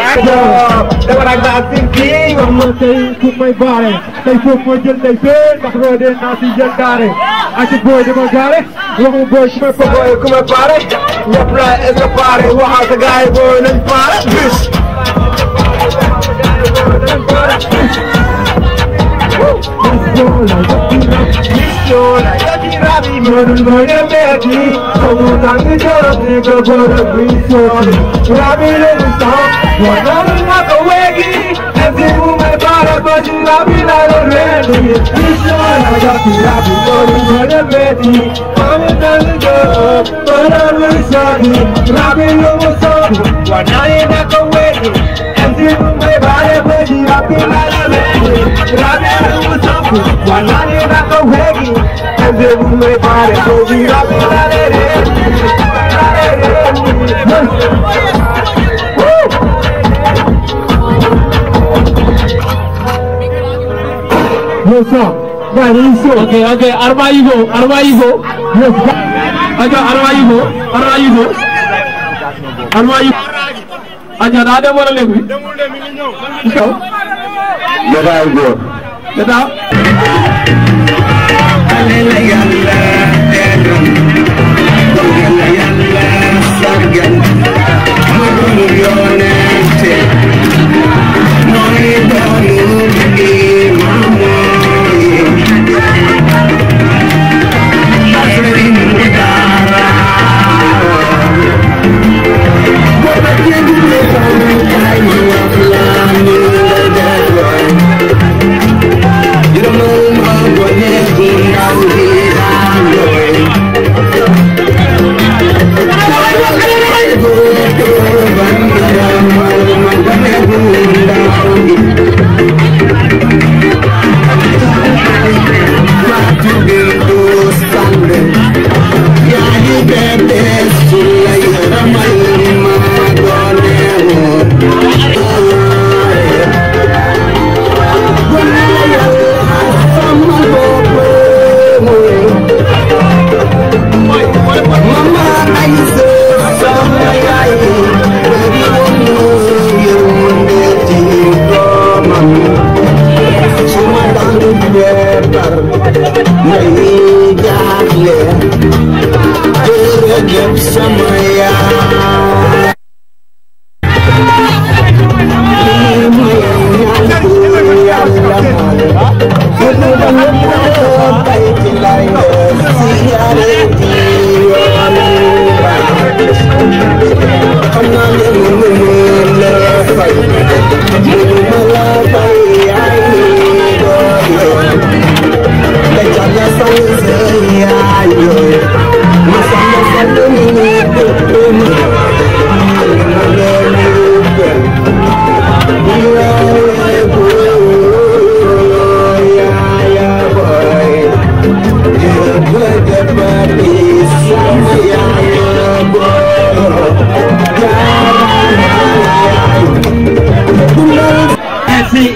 Back up. They were like that thinking. I'm gonna say took my body. They took my gin, they paid. Back road in, I see your daddy. I can boy, they won't got it. Woman boy, she might put boy, come and party. Your pride is a party. What has the guy going and party? Bitch. Let's go like a I'm Soğudan gördü Göbürü not Rabilerin sağ Yanarına kuvveti Ezimume para bacı Rabilerin verdi İşara yaptı Rabi Gönlüme verdi Anıdan Yes, sir. That is so. Okay, okay. you go. you go. Yes, sir. Okay, you go. you go. you go. aja daa dem wala léegi. demul de mi ngi ñëw. ci kaw. jotaay góor. jotaay.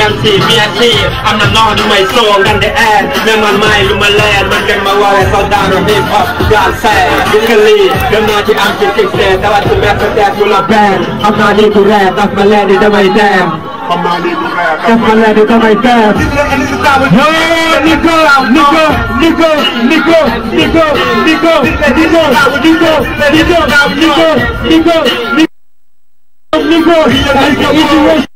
กันสี่วินาทีอำนาจนอนไม่ส่งกันได้แอนเรื่องมันไม่รู้มาแลนมันกันมาว่าตอนดาวเราไม่พอปลาแซ่ดิคลีเดินมาที่อังกฤษติดเซแต่ว่าถึงแม้จะแตกอยู่ละแบนอำนาจนี้กูแรกตัดมาแลนนี่ทำไมแดมอำนาจนี้กูแรกตัดมาแลนนี่ทำไมแดม Yo, Nico, Nico, Nico, Nico, Nico, Nico, Nico, Nico, Nico, Nico, Nico, Nico, Nico, Nico, Nico, Nico,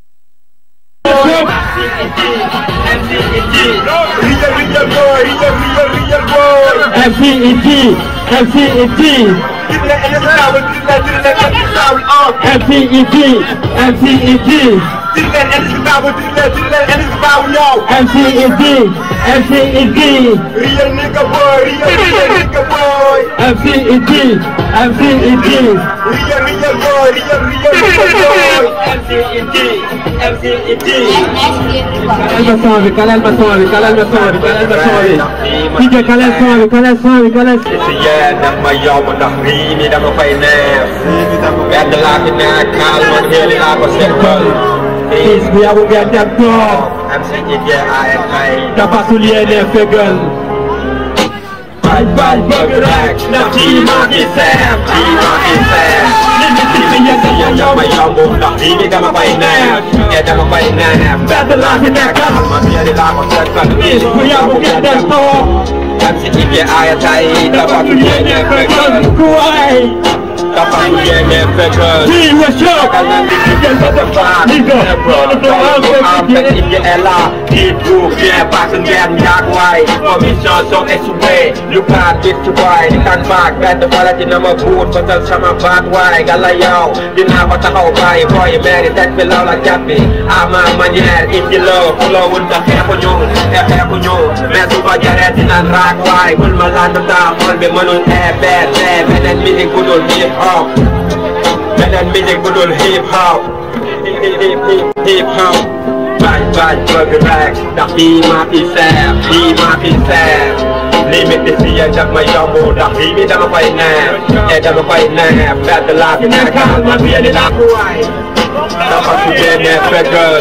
MCEG, Dillen enlisbouw, MC D, MC is D Real nigga boy, real, real nigga boy MC is D, MC is D Real, real boy, real, real nigga boy MC is D, MC is D Calel calais calel maçon, calel maçon, calel maçon calais calel calel calais. C'est et Is mi a ou gen dem do Mse Idye AFI Kapasou liye ne fegel Bay bay bagrak Na tima I'm Tima ki sef Kuai Kapal yang efekal Jiwa syok Kanan dikit yang tetap Music, good old hip hop hip hop បាច់បាច់ drug rack ដាក់ពីមកពីសែពីមកពីសែ Limit this year ចាប់មកយកមកដាក់ពីមានដល់មកបាយណាតែដល់មកបាយណាបែបតឡាពីណាខាងមកវានេះដាក់គួយដល់មកពីណា federal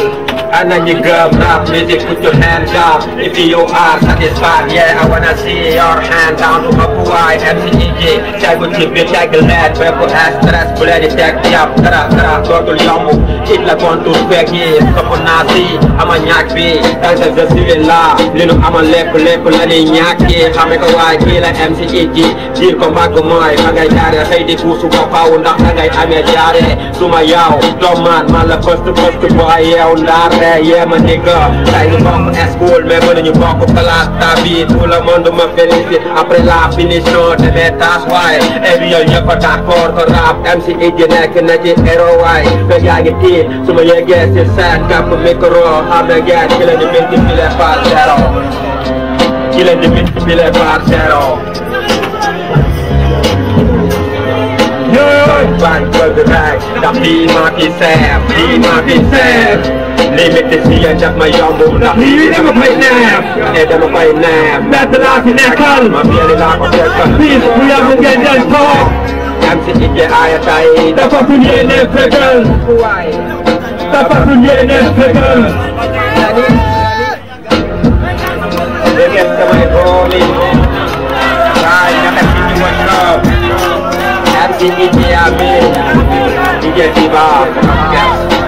Anan your girl rap music, put your hands up If you are satisfied, yeah, I wanna see your hand down to check MCEG Seguti bitch, glad, bebo stress, bloody the up. bulleri tek yap Kara kara, tortul yamu, itla kontur peki Sopo nazi, ama nyak bi, tansa zesivin la Lino ama leku leku lani nyaki, hame kawai kila MCEG Dir ko mago moy, magay dare, hey di kusu ko pao Ndak nagay ame jare, suma yaw, doman, mala first first boy, yaw ndare oh, yeah my nigga Tayo bang à school, mais venu bang ko talat ta vie Tout le monde me félicite après la de why Every year rap MC Idiot neck and that hero why Cause I get kid, so my guess is sad Got for me corona, I'm the guy the minty feel like Bang, bang, bang, bang, bang, bang, bang, bang, bang, bang, bang, bang, bang, Limit the de zie en maar jammer dat Hier in mijn pijn naam Nee, dat mijn pijn naam Met de laag in de kan Maar meer de laag op de kan Please, we have to get that talk MC in je aaien tijd Dat was toen je in het vergel Dat was toen je in het vergel Ik heb de mijn goalie Daar, ik heb de nieuwe club MC in je aaien DJ Diva Yes